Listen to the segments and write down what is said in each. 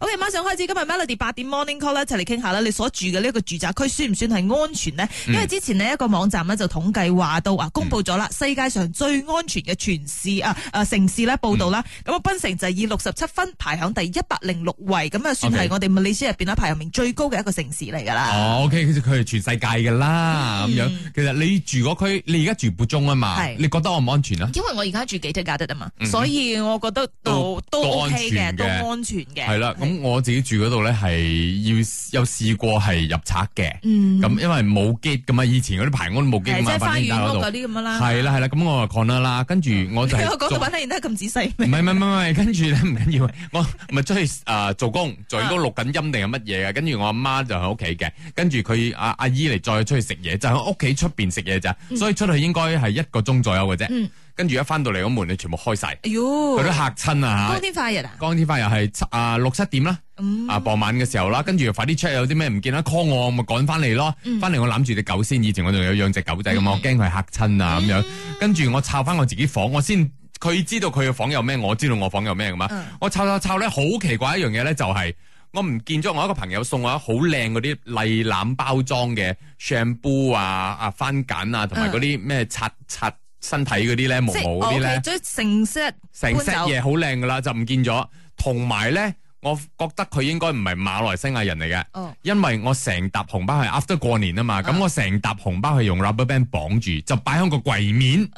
OK，馬上開始今日 Melody 八點 Morning Call 一齊嚟傾下啦。你所住嘅呢一個住宅區算唔算係安全呢？因為之前呢一個網站呢，就統計話到啊，公布咗啦，世界上最安全嘅全市啊城市咧報道啦。咁啊，檳城就以六十七分排行第一百零六位，咁啊算係我哋歷史入邊一排入面最高嘅一個城市嚟噶啦。OK 佢係全世界噶啦咁樣。其實你住嗰區，你而家住卜中啊嘛，你覺得安唔安全啊？因為我而家住吉泰加得啊嘛，所以我覺得都都 OK 嘅，都安全嘅。係啦。我自己住嗰度咧，係要有試過係入賊嘅，咁因為冇機噶嘛，以前嗰啲排屋都冇 get、嗯、屋冇機嘛，花園嗰度嗰啲咁啦，係啦，係啦，咁我就 con 啦，跟住我就係，你講到講得咁仔細，唔係唔係唔係，跟住咧唔緊要，我咪出去啊、呃、做工，在嗰度錄緊音定係乜嘢啊？跟住我阿媽就喺屋企嘅，跟住佢阿阿姨嚟再出去食嘢，就喺屋企出邊食嘢咋，所以出去應該係一個鐘左右嘅啫。嗯嗯。跟住一翻到嚟，個門你全部開晒，佢、哎、呦都嚇親啊！光天化日啊！光天化日係七啊六七點啦，啊, 6,、嗯、啊傍晚嘅時候啦，跟住快啲出，有啲咩唔見啦 call 我，我咪趕翻嚟咯。翻嚟、嗯、我攬住隻狗先，以前我仲有養隻狗仔噶，我驚佢嚇親啊咁樣。跟住、嗯、我抄翻我自己房，我先佢知道佢嘅房有咩，我知道我房有咩噶嘛。我抄抄抄咧，好奇怪一樣嘢咧，就係、是、我唔見咗我一個朋友送我一好靚嗰啲麗蘭包裝嘅 shampoo 啊，啊番梘啊，同埋嗰啲咩擦擦。啊身體嗰啲咧，毛毛嗰啲咧，成 set 成 set 嘢好靚噶啦，走就唔見咗。同埋咧，我覺得佢應該唔係馬來西亞人嚟嘅，哦、因為我成沓紅包係 after 過年啊嘛，咁、啊、我成沓紅包係用 rubber band 綁住，就擺喺個櫃面，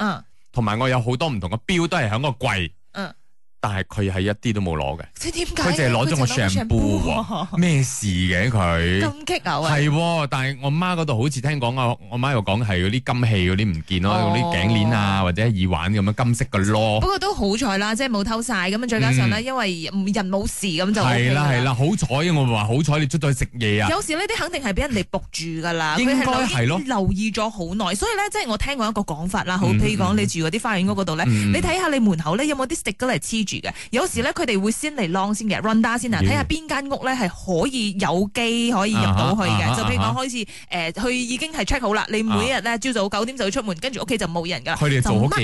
同埋、啊、我有好多唔同嘅表都係喺個櫃。但係佢係一啲都冇攞嘅，佢點解？佢就攞咗我 shampoo 咩事嘅佢？咁激啊！係，但係我媽嗰度好似聽講啊，我媽又講係嗰啲金器嗰啲唔見咯，嗰啲頸鏈啊或者耳環咁樣金色嘅咯。不過都好彩啦，即係冇偷晒。咁啊！再加上咧，因為人冇事咁就係啦係啦，好彩我話好彩你出到去食嘢啊！有時呢啲肯定係俾人哋僕住㗎啦，應該係咯，留意咗好耐，所以咧即係我聽過一個講法啦，好譬如講你住嗰啲花園嗰度咧，你睇下你門口咧有冇啲 sticker 嚟黐住。有時咧佢哋會先嚟 long 先嘅，run down 先啊，睇下邊間屋咧係可以有機可以入到去嘅，就譬如講開始誒，佢、呃、已經係 check 好啦，你每日咧朝早九點就要出門，跟住屋企就冇人噶，做就乜一做早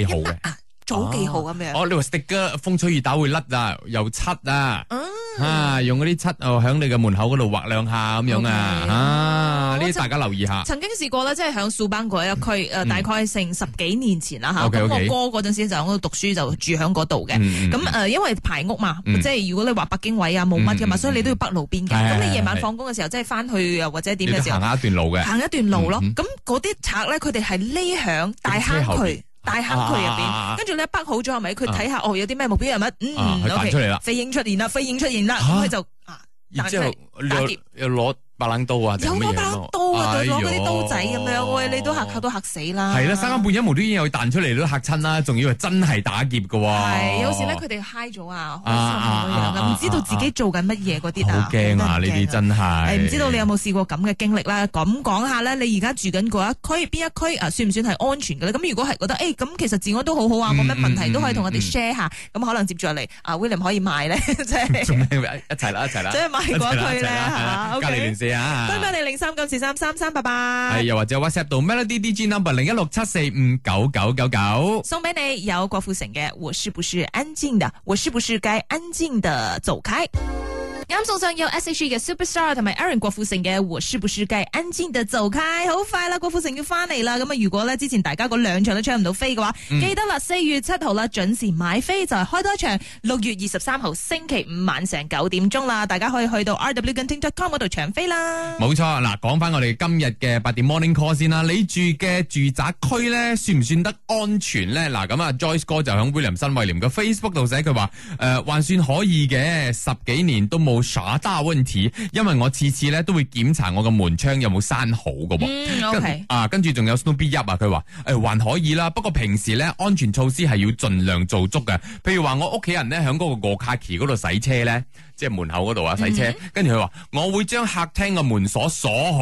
幾號咁樣。啊、哦，你話 stick 啊，風吹雨打會甩啊，又七啊。嗯啊！用嗰啲漆哦，響你嘅門口嗰度畫兩下咁樣啊！啊，呢啲大家留意下。曾經試過咧，即係響蘇邦嗰一區，誒，大概成十幾年前啦吓。O K O K。咁我哥嗰陣時就喺度讀書，就住響嗰度嘅。咁誒，因為排屋嘛，即係如果你話北京位啊，冇乜噶嘛，所以你都要北路邊嘅。咁你夜晚放工嘅時候，即係翻去又或者點嘅時候，行一段路嘅。行一段路咯。咁嗰啲賊咧，佢哋係匿響大坑渠。大坑渠入邊，跟住咧北好咗，係咪？佢睇下哦，有啲咩目標有咩？嗯，OK，飛影出現啦，飛影出現啦，咁佢就啊，然之、okay，啊、後要要攞。白冷刀啊！有冇白冷刀啊？攞嗰啲刀仔咁樣喂，你都嚇到都嚇死啦！係啦，三更半夜無端端又彈出嚟都嚇親啦，仲以為真係打劫嘅哇！係，有時咧佢哋嗨咗啊，好多唔同嘅嘢，唔知道自己做緊乜嘢嗰啲啊！好驚啊！呢啲真係誒，唔知道你有冇試過咁嘅經歷啦？咁講下咧，你而家住緊嗰一區邊一區啊，算唔算係安全嘅咧？咁如果係覺得誒咁其實治安都好好啊，冇乜問題，都可以同我哋 share 下。咁可能接住落嚟啊，William 可以賣咧，即係一齊啦，一齊啦，一齊啦，一齊啦，一齊啦，一分我你零三九四三三三八八，係又或者 WhatsApp 到 Melody D G Number 零一六七四五九九九九，99 99送俾你有郭富城嘅我是不是安靜的，我是不是該安靜的，的走開。音奏上有 S H E 嘅 Superstar 同埋 Aaron 郭富城嘅《我是不是該安靜的走開》好快啦！郭富城要翻嚟啦！咁啊，如果呢之前大家嗰兩場都搶唔到飛嘅話，嗯、記得啦，四月七號啦，準時買飛就係開多一場，六月二十三號星期五晚上九點鐘啦，大家可以去到 R W G N T C O M 嗰度搶飛啦。冇錯，嗱，講翻我哋今日嘅八點 Morning Call 先啦。你住嘅住宅區呢，算唔算得安全呢？嗱，咁啊，Joyce 哥就響 Will William 新威廉嘅 Facebook 度寫佢話，誒、呃，還算可以嘅，十幾年都冇。耍大溫因為我次次咧都會檢查我個門窗有冇閂好噶。嗯 OK。啊，跟住仲有 snowbyp 啊，佢話，誒，還可以啦，不過平時咧安全措施係要盡量做足嘅。譬如話我屋企人咧響嗰個過卡奇嗰度洗車咧，即係門口嗰度啊洗車，嗯、跟住佢話我會將客廳嘅門鎖鎖好。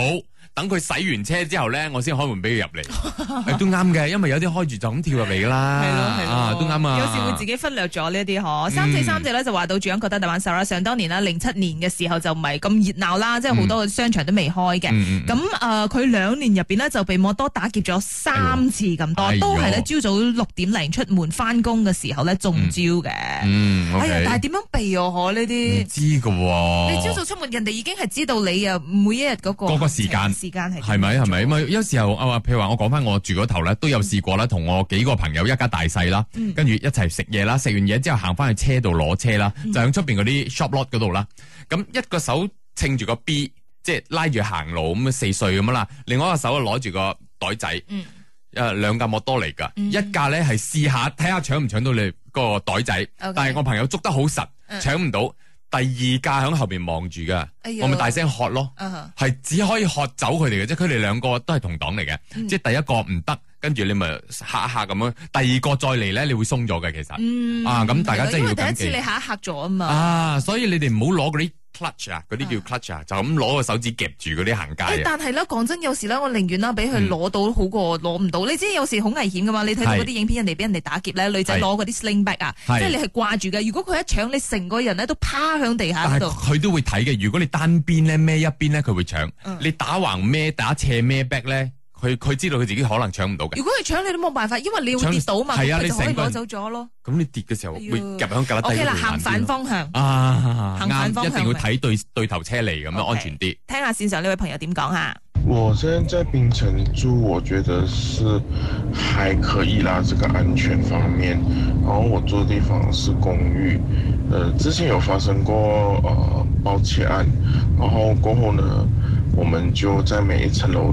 等佢洗完車之後咧，我先開門俾佢入嚟，係都啱嘅，因為有啲開住就咁跳入嚟噶啦， 啊，啊，都啱啊。有時會自己忽略咗呢啲嗬，三四三隻咧就話到住，覺得大玩手啦。想當年啦，零七年嘅時候就唔係咁熱鬧啦，即係好多商場都未開嘅。咁啊、嗯，佢兩、呃、年入邊咧就被摩多打劫咗三次咁多，哎、呦都係咧朝早六點零出門翻工嘅時候咧中招嘅、嗯。嗯，okay。哎呀，但係點樣避哦？嗬，呢啲唔知噶、啊。你朝早出門，人哋已經係知道你啊，每一日嗰個嗰個時間。係咪？係咪？咪有時候啊？譬如話我講翻，我住嗰頭咧都有試過啦，同我幾個朋友一家大細啦，嗯、跟住一齊食嘢啦，食完嘢之後行翻去車度攞車啦，嗯、就喺出邊嗰啲 shop lot 嗰度啦。咁一個手撐住個 B，即係拉住行路咁啊，樣四歲咁啦。另外一個手啊攞住個袋仔，誒兩、嗯、架摩多嚟噶，一架咧係試下睇下搶唔搶到你嗰個袋仔，嗯、但係我朋友捉得好實，搶唔到。嗯嗯第二架響後邊望住噶，哎、呦我咪大聲喝咯，係、啊、哈只可以喝走佢哋嘅，即係佢哋兩個都係同黨嚟嘅，嗯、即係第一個唔得，跟住你咪吓一吓咁樣，第二個再嚟咧，你會鬆咗嘅其實，嗯、啊咁大家真係要警惕。因為第一次你吓一吓咗啊嘛，啊所以你哋唔好攞嗰啲。clutch cl 啊，嗰啲叫 clutch 啊，就咁攞個手指夾住嗰啲行街，欸。但係咧，講真，有時咧，我寧願啦，俾佢攞到好過攞唔到。嗯、你知有時好危險噶嘛？你睇到嗰啲影片，人哋俾人哋打劫咧，是女仔攞嗰啲 sling bag 啊是，即係你係掛住嘅。如果佢一搶，你成個人咧都趴響地下度。佢都會睇嘅。如果你單邊咧，孭一邊咧，佢會搶。嗯、你打橫孭，打斜孭 bag 咧。佢佢知道佢自己可能搶唔到嘅。如果佢搶你都冇辦法，因為你會跌倒嘛，佢同佢攞走咗咯。咁、啊、你，你跌嘅時候、哎、呀會夾響隔籬。OK 啦，行反方向。啊，行反方向、啊、一定要睇對對頭車嚟咁樣安全啲。聽下線上呢位朋友點講吓。我現在在冰城住，我覺得是還可以啦，這個安全方面。然後我住的地方是公寓、呃，之前有發生過誒爆竊案，然後過後呢，我們就在每一層樓。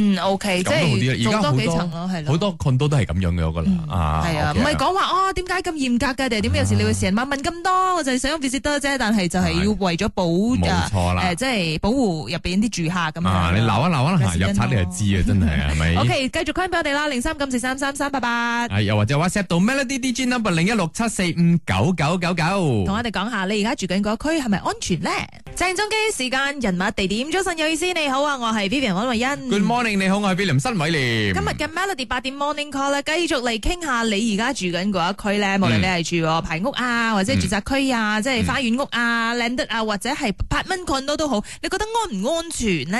O K，即係做多幾層咯，係咯。好多 condo 都係咁樣樣嘅啦，啊，係啊，唔係講話哦，點解咁嚴格㗎？定係點？有時你會成萬問咁多，我就想 visit 得啫。但係就係要為咗保，冇錯啦，誒，即係保護入邊啲住客咁。啊，你鬧啊鬧啊嚇，有產你就知啊，真係啊，係。我哋繼續 call 俾我哋啦，零三九四三三三八八。係又或者 WhatsApp 到 Melody DJ number 零一六七四五九九九九。同我哋講下你而家住緊個區係咪安全咧？鄭中基時間、人物、地點，早晨有意思。你好啊，我係 Vivian 黃慧欣。Good morning。你好，我係 William 新偉廉。今日嘅 Melody 八點 Morning Call 咧，繼續嚟傾下你而家住緊嗰一區咧。無論你係住排屋啊，或者住宅區啊，即係花園屋啊、Landed 啊，或者係八蚊咁多都好，你覺得安唔安全呢？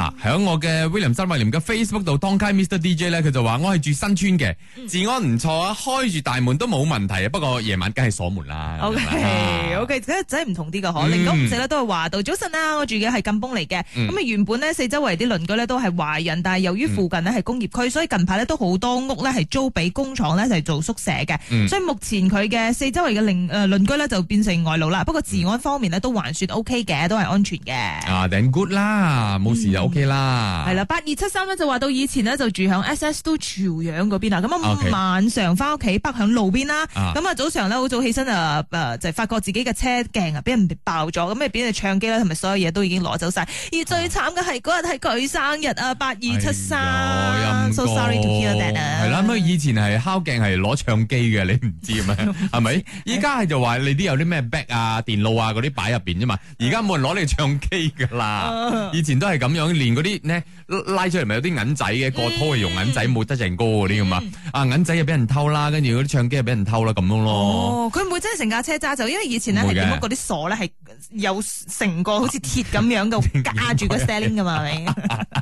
嗱，響我嘅 William 新偉廉嘅 Facebook 度當街 Mr DJ 咧，佢就話我係住新村嘅，治安唔錯啊，開住大門都冇問題啊。不過夜晚梗係鎖門啦。O K，O K，梗係唔同啲噶嗬。另一唔少咧都係華道早晨啊，我住嘅係金崩嚟嘅。咁啊原本咧四周圍啲鄰居咧都係華人。但係由於附近呢係工業區，嗯、所以近排咧都好多屋咧係租俾工廠咧，就係做宿舍嘅。嗯、所以目前佢嘅四周圍嘅鄰誒鄰居咧就變成外勞啦。嗯、不過治安方面咧都還算 OK 嘅，都係安全嘅。啊 then good 啦，冇、嗯、事就 OK 啦。係啦，八二七三咧就話到以前呢就住響 S S 都朝陽嗰邊，Okay. 邊啊。咁啊，晚上翻屋企北響路邊啦。咁啊，早上咧好早起身啊、呃，就是、發覺自己嘅車鏡啊俾人爆咗，咁啊俾人唱機啦，同埋所有嘢都已經攞走晒。而最慘嘅係嗰日係佢生日啊，八二。七三、哎、 ，so sorry to hear that 係啦，咁以前係敲鏡係攞唱機嘅，你唔知咩，係咪？ 依家係就話你啲有啲咩 back 啊、電腦啊嗰啲擺入邊啫嘛，而家冇人攞你唱機噶啦，以前都係咁樣，連嗰啲咧。拉出嚟咪有啲銀仔嘅，過拖係用銀仔冇得成歌嗰啲咁啊！啊銀仔又俾人偷啦，跟住嗰啲唱機又俾人偷啦，咁樣咯。佢唔會真係成架車揸走，因為以前咧係電嗰啲鎖咧係有成個好似鐵咁樣嘅架住個 stairing 噶嘛，係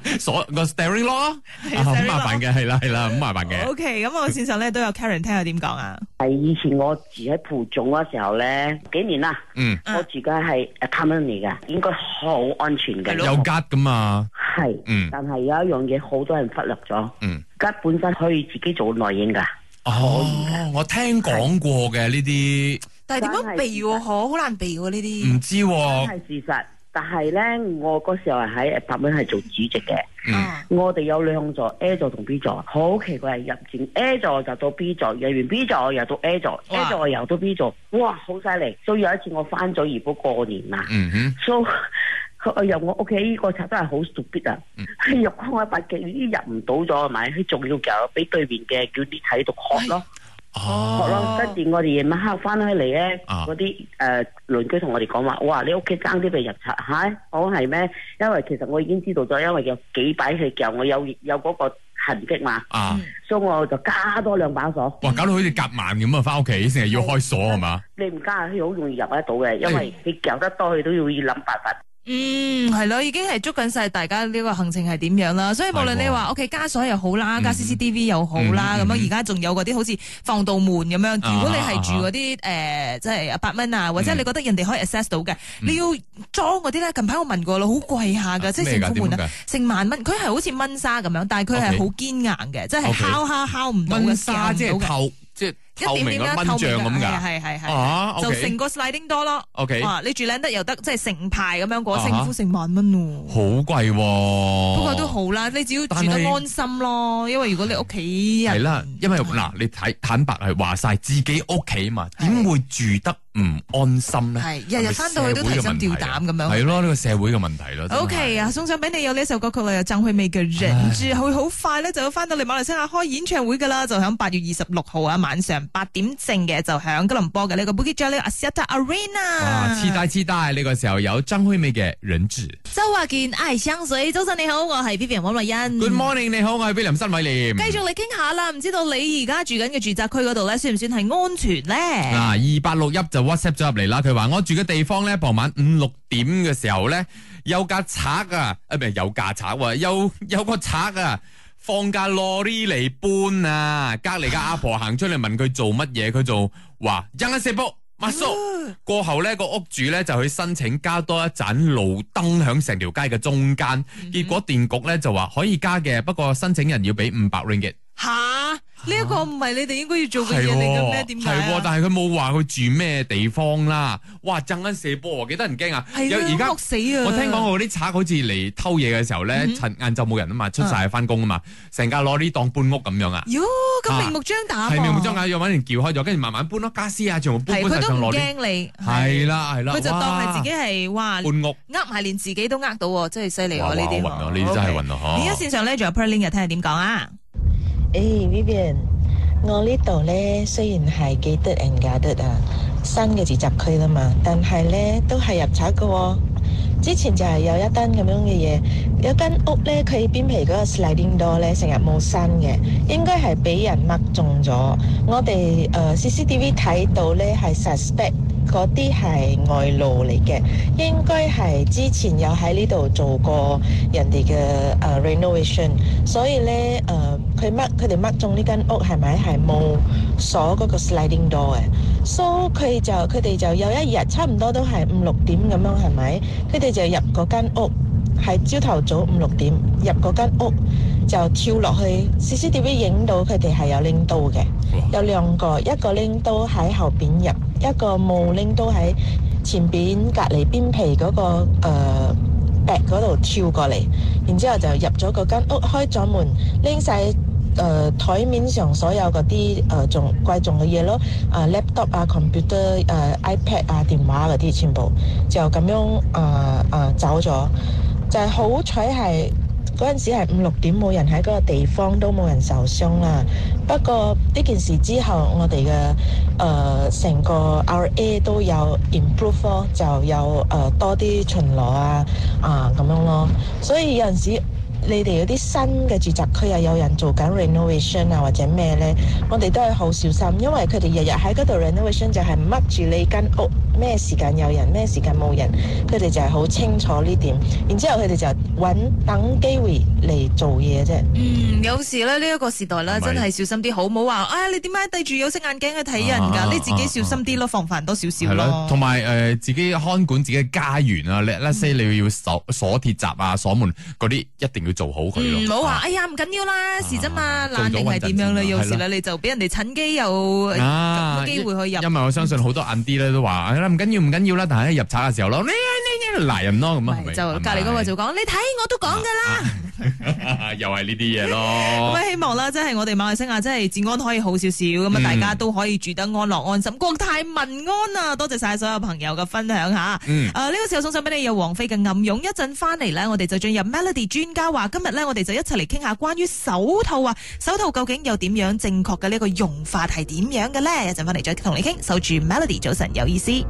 咪？鎖個 stairing l 好麻煩嘅，係啦係啦，咁麻煩嘅。O K，咁我線上咧都有 Karen 聽下點講啊。係以前我住喺蒲總嗰時候咧，幾年啦。嗯。我住家係 common 嚟嘅，應該好安全嘅。有夾噶嘛？係。嗯。但係有一樣嘢，好多人忽略咗。嗯，而家本身可以自己做內應噶。哦、嗯、我聽講過嘅呢啲，是些但係點樣避嗬、啊？好、哦、難避呢、啊、啲。唔知、啊。係事實，但係咧，我嗰時候係喺八蚊係做主席嘅。嗯，我哋有兩座 A 座同 B 座，好奇怪，入前 A 座就到 B 座，入完 B 座又到 A 座哇，A 座又到 B 座，哇，好犀利！所以有一次我翻咗怡保過年啊，嗯哼，so。 我入我屋企呢個賊真係好特別啊！入空一百幾，已經入唔到咗係咪？佢仲要夾俾對面嘅叫啲睇到學咯，學咯！跟住我哋夜晚黑翻起嚟咧，嗰啲誒鄰居同我哋講話，哇！你屋企爭啲被入賊嚇，我係咩？因為其實我已經知道咗，因為有幾擺去夾，我有有嗰個痕跡嘛，所以我就加多兩把鎖。哇！搞到好似夾萬咁啊！翻屋企成日要開鎖係嘛？你唔加佢好容易入得到嘅，因為你夾得多，佢都要諗辦法。嗯，係咯，已經係捉緊晒大家呢個行程係點樣啦。所以無論你話屋企加鎖又好啦，加 CCTV 又好啦，咁樣而家仲有嗰啲好似防盜門咁樣。如果你係住嗰啲誒，即係八蚊啊，或者你覺得人哋可以 access 到嘅，你要裝嗰啲咧。近排我問過啦，好貴下噶，即係成封門啊，成萬蚊。佢係好似蚊砂咁樣，但係佢係好堅硬嘅，即係敲下敲唔到嘅。透明嗰蚊帳咁噶，係係係，就成個 sliding door 咯。OK，你住靚得又得，即係成排咁樣過，成副成萬蚊喎，好貴。不過都好啦，你只要住得安心咯。因為如果你屋企人係啦，因為嗱，你睇坦白係話晒自己屋企嘛，點會住得？唔安心咧，係日日翻到去都提心吊膽咁樣，係咯，呢個社會嘅問題咯。O K 啊，送上俾你有呢一首歌曲啦，有張惠妹嘅人質，佢好快咧就要翻到嚟馬來西亞開演唱會噶啦，就響八月二十六號啊晚上八點正嘅，就響吉隆坡嘅呢個 Bukit Jalil Axiata Arena。哇，痴大痴大，呢個時候有張惠妹嘅人質。周華健愛相隨，早晨你好，我係 Vivian 王麗欣。Good morning，你好，我係菲林新偉嚟。繼續嚟傾下啦，唔知道你而家住緊嘅住宅區嗰度咧，算唔算係安全咧？嗱，二八六一就。WhatsApp 咗入嚟啦，佢話我住嘅地方咧，傍晚五六點嘅時候咧，有架賊啊，啊唔係有架賊啊，有有個賊啊，放架 lorry 嚟搬啊，隔籬嘅阿婆行出嚟問佢做乜嘢，佢就話 jangan sibuk 阿叔。過後咧個屋主咧就去申請加多一盞路燈響成條街嘅中間，結果電局咧就話可以加嘅，不過申請人要俾五百 ringgit。呢一個唔係你哋應該要做嘅嘢嚟嘅咩？點解？係喎，但係佢冇話佢住咩地方啦。哇，震緊射波，幾得人驚啊！而家屋死啊！我聽講嗰啲賊好似嚟偷嘢嘅時候咧，趁晏晝冇人啊嘛，出晒翻工啊嘛，成架攞呢當搬屋咁樣啊！喲，咁明目張膽！係明目張膽，要揾人撬開咗，跟住慢慢搬咯，家私啊，全部搬搬佢都唔驚你。係啦，係啦，佢就當係自己係哇搬屋，呃埋連自己都呃到，真係犀利喎！呢啲，呢啲真係暈啊！嚇！而家線上咧仲有 p r l i n 嘅，聽下點講啊！誒，Vivian 我呢度咧，雖然係幾得人家得啊，新嘅住宅區啦嘛，但係咧都係入賊嘅，哦。之前就係有一單咁樣嘅嘢，有間屋咧，佢邊皮嗰個 sliding door 咧，成日冇新嘅，應該係俾人搥中咗。我哋誒、呃、CCTV 睇到咧係 suspect。嗰啲係外勞嚟嘅，應該係之前有喺呢度做過人哋嘅誒 renovation，所以咧誒佢乜佢哋乜中呢間屋係咪係冇鎖嗰個 sliding door 嘅？So 佢就佢哋就有一日差唔多都係五六點咁樣係咪？佢哋就入嗰間屋，係朝頭早五六點入嗰間屋，就跳落去。CCTV 影到佢哋係有拎刀嘅，有兩個，一個拎刀喺後邊入。一個冇拎都喺前邊隔籬邊皮嗰、嗰個誒壁嗰度跳過嚟，然之後就入咗個間屋，開咗門，拎晒誒台面上所有嗰啲誒仲貴重嘅嘢咯，呃、op，啊，laptop 啊，computer 誒、呃、，ipad 啊，電話嗰啲全部就咁樣誒誒走咗，就係好彩係。呃呃嗰陣時係五六點冇人喺嗰個地方，都冇人受傷啦。不過呢件事之後，我哋嘅誒成個 RA 都有 improve 就有誒、呃、多啲巡邏啊啊咁、呃、樣咯。所以有陣時。你哋有啲新嘅住宅區啊，有人做緊 renovation 啊，或者咩咧？我哋都係好小心，因為佢哋日日喺嗰度 renovation 就係乜住你間屋，咩時間有人，咩時間冇人，佢哋就係好清楚呢點。然之後佢哋就揾等機會。嚟做嘢啫，嗯，有時咧呢一個時代咧，真係小心啲好，唔好話啊，你點解戴住有色眼鏡去睇人㗎？你自己小心啲咯，防範多少少咯。同埋誒，自己看管自己嘅家園啊，那些你要鎖鎖鐵閘啊，鎖門嗰啲一定要做好佢咯。唔好話哎呀，唔緊要啦，事啫嘛，爛定係點樣咧？有時咧你就俾人哋趁機又冇機會去入。因為我相信好多眼 D 咧都話，唔緊要唔緊要啦，但係入賊嘅時候咯，你你你鬧人咯咁啊，就隔離嗰個就講，你睇我都講㗎啦。 又係呢啲嘢咯，咁啊、 嗯嗯、希望啦，真、就、係、是、我哋馬來西亞真係治安可以好少少，咁啊大家都可以住得安樂安心，國泰民安啊！多謝晒所有朋友嘅分享吓，嗯、啊，呢、這個時候送上俾你有王菲嘅暗湧，一陣翻嚟呢，我哋就進入 Melody 專家話，今日呢，我哋就一齊嚟傾下關於手套啊，手套究竟有點樣正確嘅呢個用法係點樣嘅呢？一陣翻嚟再同你傾，守住 Melody 早晨有意思。